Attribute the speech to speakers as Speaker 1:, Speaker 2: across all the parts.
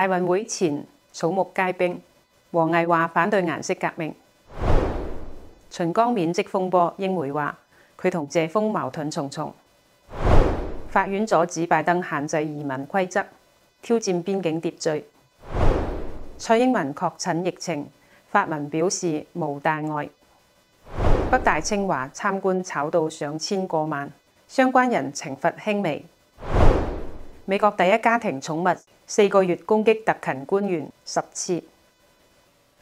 Speaker 1: 大運會前，草木皆兵。王毅話反對顏色革命。秦剛免職風波，英媒話佢同謝峰矛盾重重。法院阻止拜登限制移民規則，挑戰邊境秩序。蔡英文確診疫情，發文表示無大礙。北大清華參觀炒到上千過萬，相關人懲罰輕微。美國第一家庭寵物四個月攻擊特勤官員十次。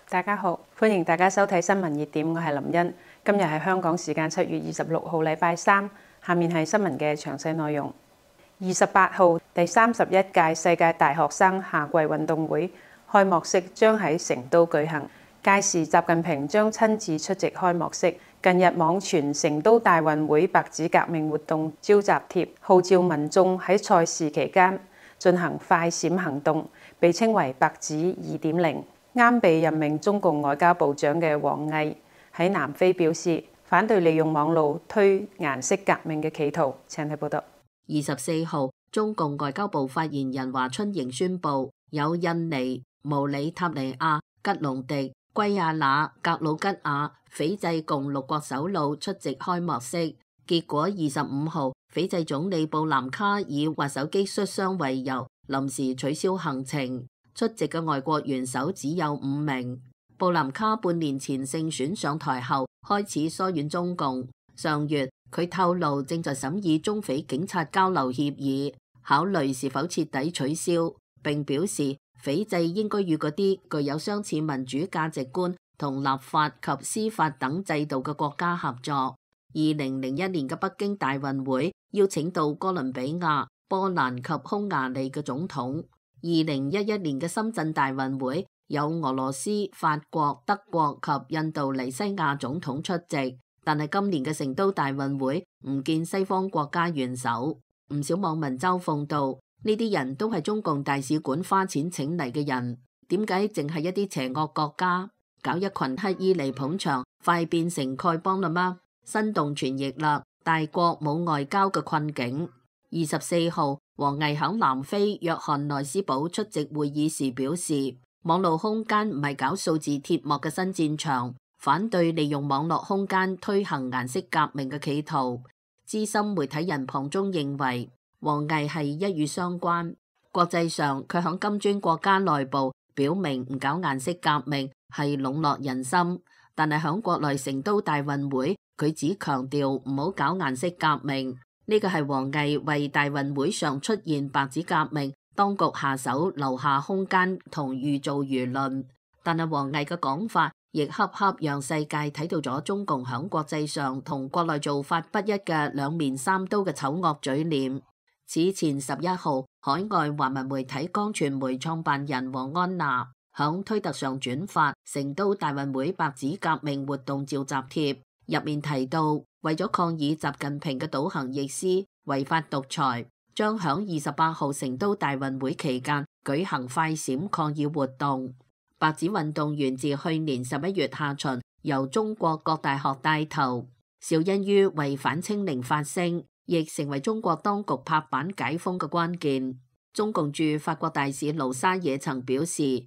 Speaker 1: 大家好，歡迎大家收睇新聞熱點，我係林茵。今日係香港時間七月二十六號，禮拜三。下面係新聞嘅詳細內容。二十八號第三十一屆世界大學生夏季運動會開幕式將喺成都舉行，屆時習近平將親自出席開幕式。近日網傳成都大運會白紙革命活動招集帖，號召民眾喺賽事期間進行快閃行動，被稱為白紙二點零。啱被任命中共外交部長嘅王毅喺南非表示，反對利用網路推顏色革命嘅企圖。請睇報道。二十四號，中共外交部發言人華春
Speaker 2: 瑩宣布，有印尼、毛里塔尼亞、吉隆迪、圭亞那、格魯吉亞、斐濟共六國首腦出席開幕式，結果二十五號，斐濟總理布林卡以滑手機摔傷為由，臨時取消行程。出席嘅外國元首只有五名。布林卡半年前勝選上台後，開始疏遠中共。上月佢透露正在審議中斐警察交流協議，考慮是否徹底取消，並表示斐濟應該與嗰啲具有相似民主價值觀同立法及司法等制度嘅國家合作。二零零一年嘅北京大運會邀請到哥倫比亞、波蘭及匈牙利嘅總統。二零一一年嘅深圳大運會有俄羅斯、法國、德國及印度尼西亞總統出席，但係今年嘅成都大運會唔見西方國家元首。唔少網民嘲諷道：呢啲人都係中共大使館花錢請嚟嘅人，點解淨係一啲邪惡國家？搞一群乞衣嚟捧場，快變成丐幫了嗎？生動詮釋了，大國冇外交嘅窘境。二十四號，王毅喺南非約翰內斯堡出席會議時表示，網絡空間唔係搞數字鐵幕嘅新戰場，反對利用網絡空間推行顏色革命嘅企圖。資深媒體人旁中認為，王毅係一語雙關，國際上佢響金磚國家內部表明唔搞顏色革命。係籠絡人心，但係喺國內成都大運會，佢只強調唔好搞顏色革命，呢個係王毅為大運會上出現白紙革命，當局下手留下空間同預造輿論。但係王毅嘅講法亦恰恰讓世界睇到咗中共喺國際上同國內做法不一嘅兩面三刀嘅醜惡嘴臉。此前十一號，海外華文媒體光傳媒創辦人王安娜。響推特上轉發成都大運會白紙革命活動召集貼入面提到，為咗抗議習近平嘅倒行逆施、違法獨裁，將響二十八號成都大運會期間舉行快閃抗議活動。白紙運動源自去年十一月下旬，由中國各大學帶頭，肇因於為反清零發聲，亦成為中國當局拍板解封嘅關鍵。中共駐法國大使盧沙野曾表示。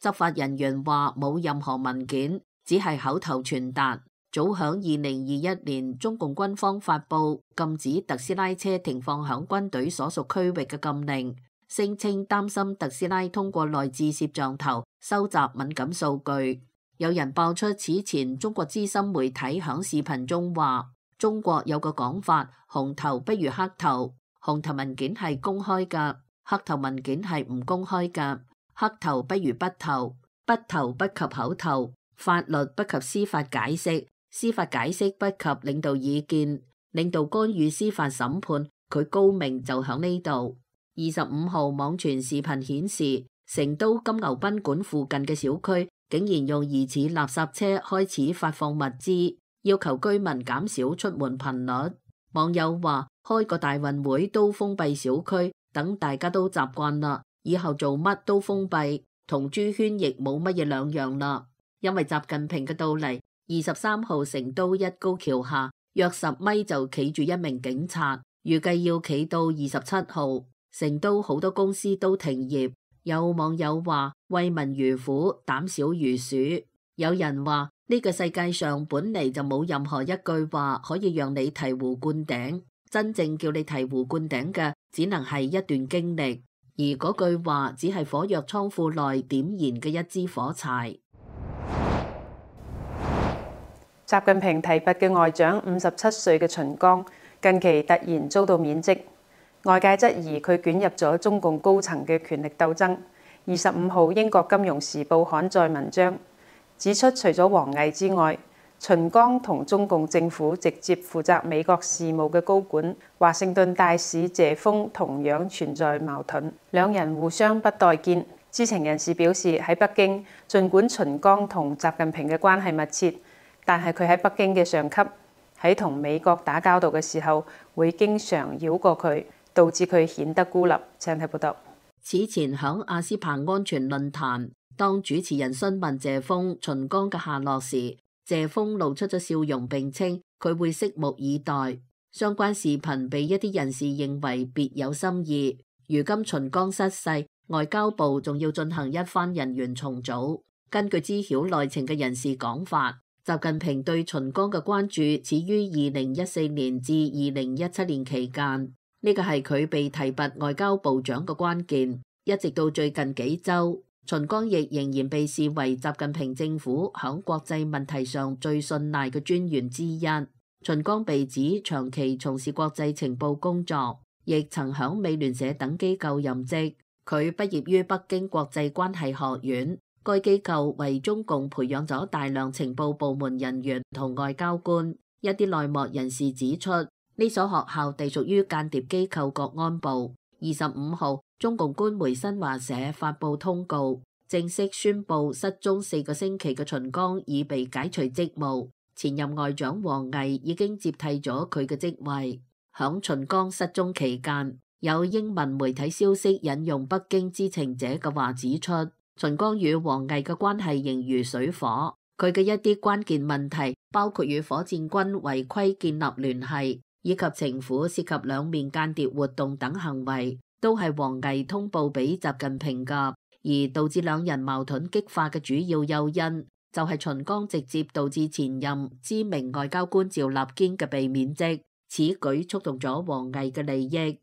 Speaker 2: 執法人員話冇任何文件，只係口頭傳達。早響二零二一年，中共軍方發佈禁止特斯拉車停放響軍隊所屬區域嘅禁令，聲稱擔心特斯拉通過內置攝像頭收集敏感數據。有人爆出此前中國資深媒體響視頻中話，中國有個講法，紅頭不如黑頭，紅頭文件係公開噶，黑頭文件係唔公開噶。黑頭不如筆頭，筆頭不及口頭，法律不及司法解釋，司法解釋不及領導意見，領導干預司法審判，佢高明就響呢度。二十五號網傳視頻顯示，成都金牛賓館附近嘅小區竟然用疑似垃圾車開始發放物資，要求居民減少出門頻率。網友話：開個大運會都封閉小區，等大家都習慣啦。以後做乜都封閉，同豬圈亦冇乜嘢兩樣啦。因為習近平嘅到嚟，二十三號成都一高橋下約十米就企住一名警察，預計要企到二十七號。成都好多公司都停業，有網友話：為民如虎，膽小如鼠。有人話：呢個世界上本嚟就冇任何一句話可以讓你醍醐灌頂，真正叫你醍醐灌頂嘅，只能係一段經歷。而嗰句話只係火藥倉庫內點燃嘅一支火柴。
Speaker 1: 習近平提拔嘅外長五十七歲嘅秦剛近期突然遭到免職，外界質疑佢捲入咗中共高層嘅權力鬥爭。二十五號，英國金融時報刊載文章指出，除咗王毅之外，秦剛同中共政府直接負責美國事務嘅高管，華盛頓大使謝峰同樣存在矛盾，兩人互相不待見。知情人士表示，喺北京，儘管秦剛同習近平嘅關係密切，但係佢喺北京嘅上級喺同美國打交道嘅時候會經常繞過佢，導致佢顯得孤立。請睇報道。此前響阿斯彭安全論
Speaker 2: 壇，當主持人詢問謝峰秦剛嘅下落時。謝峰露出咗笑容，並稱佢會拭目以待。相關視頻被一啲人士認為別有心意。如今秦剛失勢，外交部仲要進行一番人員重組。根據知曉內情嘅人士講法，習近平對秦剛嘅關注始於二零一四年至二零一七年期間，呢個係佢被提拔外交部長嘅關鍵，一直到最近幾周。秦剛亦仍然被視為習近平政府響國際問題上最信賴嘅專員之一。秦剛被指長期從事國際情報工作，亦曾響美聯社等機構任職，佢畢業於北京國際關係學院，該機構為中共培養咗大量情報部門人員同外交官。一啲內幕人士指出，呢所學校隸屬於間諜機構國安部。二十五號，中共官媒新華社發布通告，正式宣佈失蹤四個星期嘅秦剛已被解除職務。前任外長王毅已經接替咗佢嘅職位。響秦剛失蹤期間，有英文媒體消息引用北京知情者嘅話指出，秦剛與王毅嘅關係仍如水火。佢嘅一啲關鍵問題包括與火箭軍違規建立聯繫，以及情婦涉及兩面間諜活動等行為。都係王毅通報俾習近平噶，而導致兩人矛盾激化嘅主要誘因就係秦剛直接導致前任知名外交官趙立堅嘅被免職，此舉觸動咗王毅嘅利益。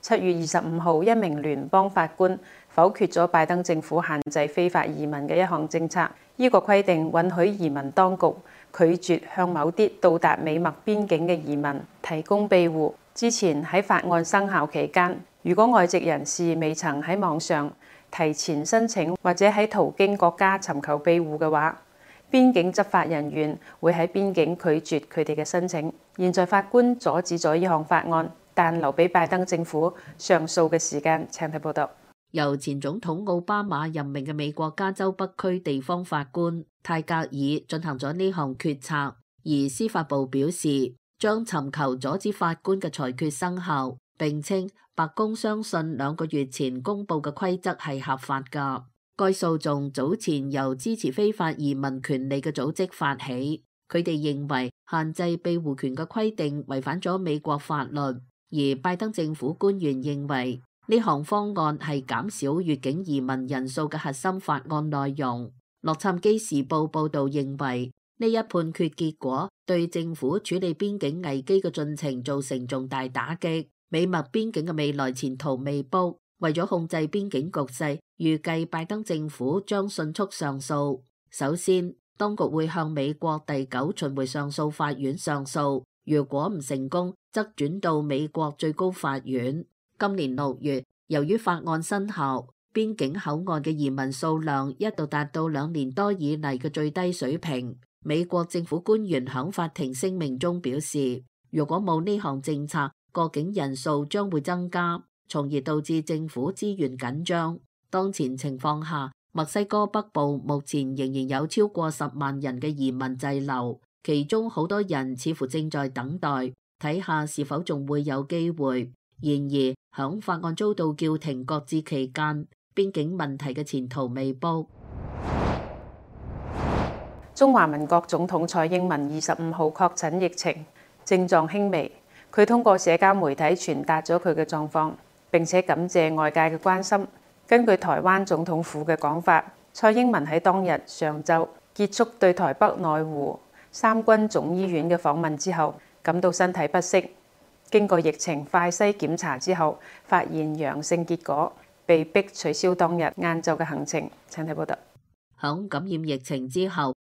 Speaker 1: 七月二十五號，一名聯邦法官否決咗拜登政府限制非法移民嘅一項政策。呢個規定允許移民當局拒絕向某啲到達美墨邊境嘅移民提供庇護。之前喺法案生效期間，如果外籍人士未曾喺網上提前申請或者喺途經國家尋求庇護嘅話，邊境執法人員會喺邊境拒絕佢哋嘅申請，現在法官阻止咗呢項法案，但留俾拜登政府上訴嘅時間，請睇報道。由前總統奧巴馬任命嘅美國加州北區地方法官泰格
Speaker 2: 爾進行咗呢項決策，而司法部表示。將尋求阻止法官嘅裁決生效，並稱白宮相信兩個月前公布嘅規則係合法噶。該訴訟早前由支持非法移民權利嘅組織發起，佢哋認為限制庇護權嘅規定違反咗美國法律，而拜登政府官員認為呢項方案係減少越境移民人數嘅核心法案內容。洛杉磯時報報道認為。呢一判決結果對政府處理邊境危機嘅進程造成重大打擊，美墨邊境嘅未來前途未卜。為咗控制邊境局勢，預計拜登政府將迅速上訴。首先，當局會向美國第九巡迴上訴法院上訴，如果唔成功，則轉到美國最高法院。今年六月，由於法案生效，邊境口岸嘅移民數量一度達到兩年多以嚟嘅最低水平。美國政府官員響法庭聲明中表示，如果冇呢項政策，過境人數將會增加，從而導致政府資源緊張。當前情況下，墨西哥北部目前仍然有超過十萬人嘅移民滯留，其中好多人似乎正在等待睇下是否仲會有機會。然而，響法案遭到叫停擱置期間，
Speaker 1: 邊境問題
Speaker 2: 嘅前途未卜。
Speaker 1: 中華民國總統蔡英文二十五號確診疫情，症狀輕微。佢通過社交媒體傳達咗佢嘅狀況，並且感謝外界嘅關心。根據台灣總統府嘅講法，蔡英文喺當日上晝結束對台北內湖三軍總醫院嘅訪問之後，感到身體不適。經過疫情快篩檢查之後，發現陽性結果，被迫取消當日晏晝嘅行程。請睇報道。響感染疫情之後。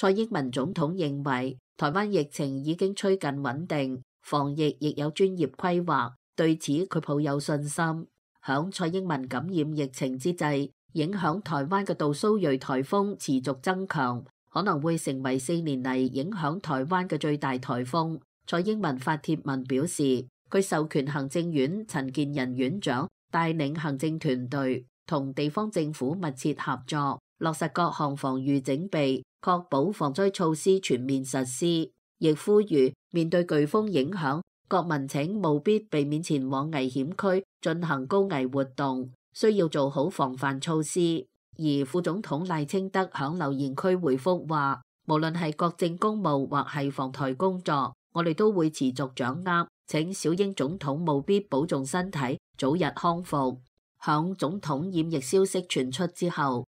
Speaker 2: 蔡英文總統認為台灣疫情已經趨近穩定，防疫亦有專業規劃，對此佢抱有信心。響蔡英文感染疫情之際，影響台灣嘅杜蘇芮颱，颱風持續增強，可能會成為四年嚟影響台灣嘅最大颱風。蔡英文發帖文表示，佢授權行政院陳建仁院長帶領行政團隊同地方政府密切合作，落實各項防禦整備。確保防災措施全面實施，亦呼籲面對颶風影響，國民請務必避免前往危險區進行高危活動，需要做好防範措施。而副總統賴清德響留言區回覆話：，無論係國政公務或係防台工作，我哋都會持續掌握，請小英總統務必保重身體，早日康復。響總統染疫消息傳出之後。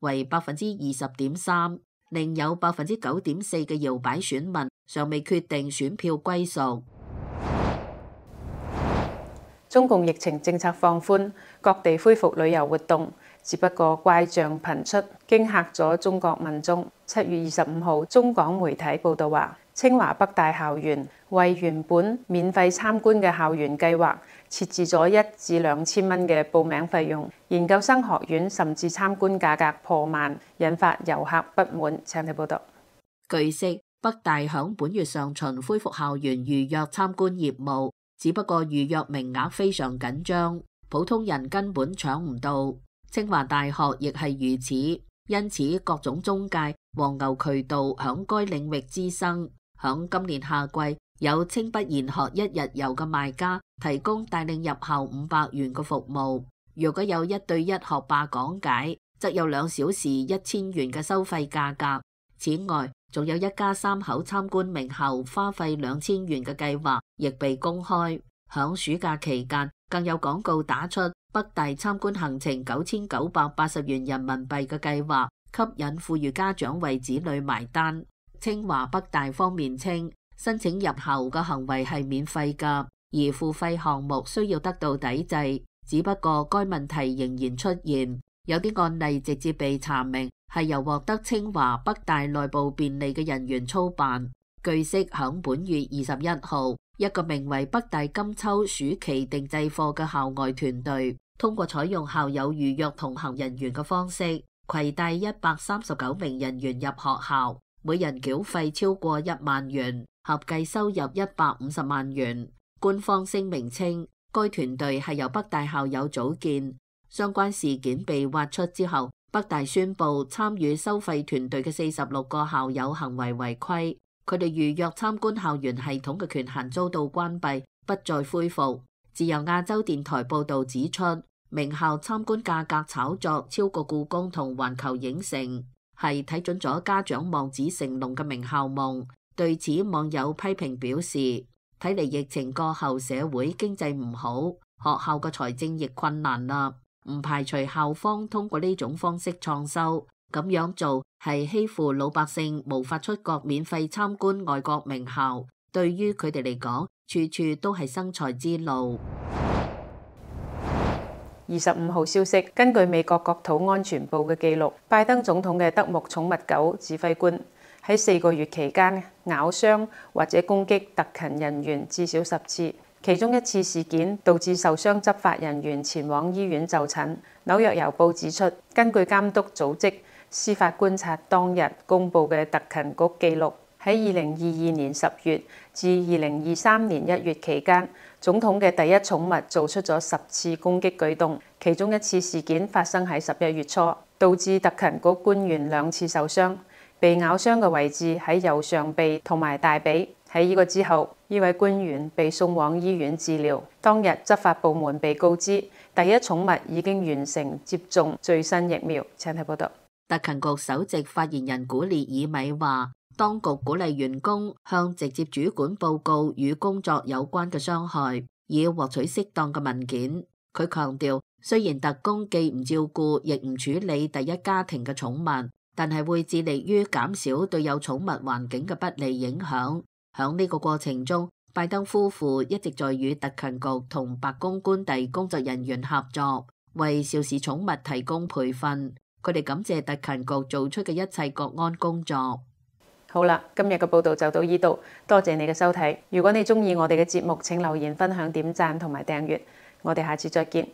Speaker 2: 為百分之二十點三，另有百分之九點四嘅搖擺選民尚未決定選票歸屬。
Speaker 1: 中共疫情政策放寬，各地恢復旅遊活動，只不過怪象頻出，驚嚇咗中國民眾。七月二十五號，中港媒體報道話，清華北大校園。為原本免費參觀嘅校園計劃設置咗一至兩千蚊嘅報名費用，研究生學院甚至參觀價格破萬，引發遊客不滿。請你報道。據悉，北大響本月上旬恢復校園預約參觀業務，只
Speaker 2: 不過預約名額非常緊張，普通人根本搶唔到。清華大學亦係如此，因此各種中介、黃牛渠道響該領域滋生。響今年夏季。有清北研學一日遊嘅賣家提供帶領入校五百元嘅服務。如果有一對一學霸講解，則有兩小時一千元嘅收費價格。此外，仲有一家三口參觀名校花費兩千元嘅計劃亦被公開。響暑假期間，更有廣告打出北大參觀行程九千九百八十元人民幣嘅計劃，吸引富裕家長為子女埋單。清華北大方面稱。申請入校嘅行為係免費㗎，而付費項目需要得到抵制。只不過該問題仍然出現，有啲案例直接被查明係由獲得清華、北大內部便利嘅人員操辦。據悉，響本月二十一號，一個名為北大金秋暑期定製課嘅校外團隊，通過採用校友預約同行人員嘅方式，攜帶一百三十九名人員入學校。每人繳費超過一萬元，合計收入一百五十萬元。官方聲明稱，該團隊係由北大校友組建。相關事件被挖出之後，北大宣布參與收費團隊嘅四十六個校友行為違規。佢哋預約參觀校園系統嘅權限遭到關閉，不再恢復。自由亞洲電台報道指出，名校參觀價格炒作超過故宮同環球影城。係睇準咗家長望子成龍嘅名校夢，對此，網友批評表示：睇嚟疫情過後社會經濟唔好，學校嘅財政亦困難啦，唔排除校方通過呢種方式創收。咁樣做係欺負老百姓，無法出國免費參觀外國名校。對於佢哋嚟講，處處都係生財之路。
Speaker 1: 二十五號消息，根據美國國土安全部嘅記錄，拜登總統嘅德牧寵物狗指揮官喺四個月期間咬傷或者攻擊特勤人員至少十次，其中一次事件導致受傷執法人員前往醫院就診。紐約郵報指出，根據監督組織司法觀察當日公佈嘅特勤局記錄，喺二零二二年十月至二零二三年一月期間，總統嘅第一寵物做出咗十次攻擊舉動，其中一次事件發生喺十一月初，導致特勤局官員兩次受傷，被咬傷嘅位置喺右上臂同埋大髀。喺呢個之後，呢位官員被送往醫院治療。當日執法部門被告知，第一寵物已經完成接種最新疫苗。請睇報道。特勤局首席發言人古利爾米話。
Speaker 2: 當局鼓勵員工向直接主管報告與工作有關嘅傷害，以獲取適當嘅文件。佢強調，雖然特工既唔照顧亦唔處理第一家庭嘅寵物，但係會致力於減少對有寵物環境嘅不利影響。喺呢個過程中，拜登夫婦一直在與特勤局同白宮官邸工作人員合作，為肇事寵物提供
Speaker 1: 培訓。佢哋感謝特勤局做出嘅一切國安工作。好啦，今日嘅報道就到呢度，多謝你嘅收睇。如果你鍾意我哋嘅節目，請留言、分享、點讚同埋訂閱。我哋下次再見。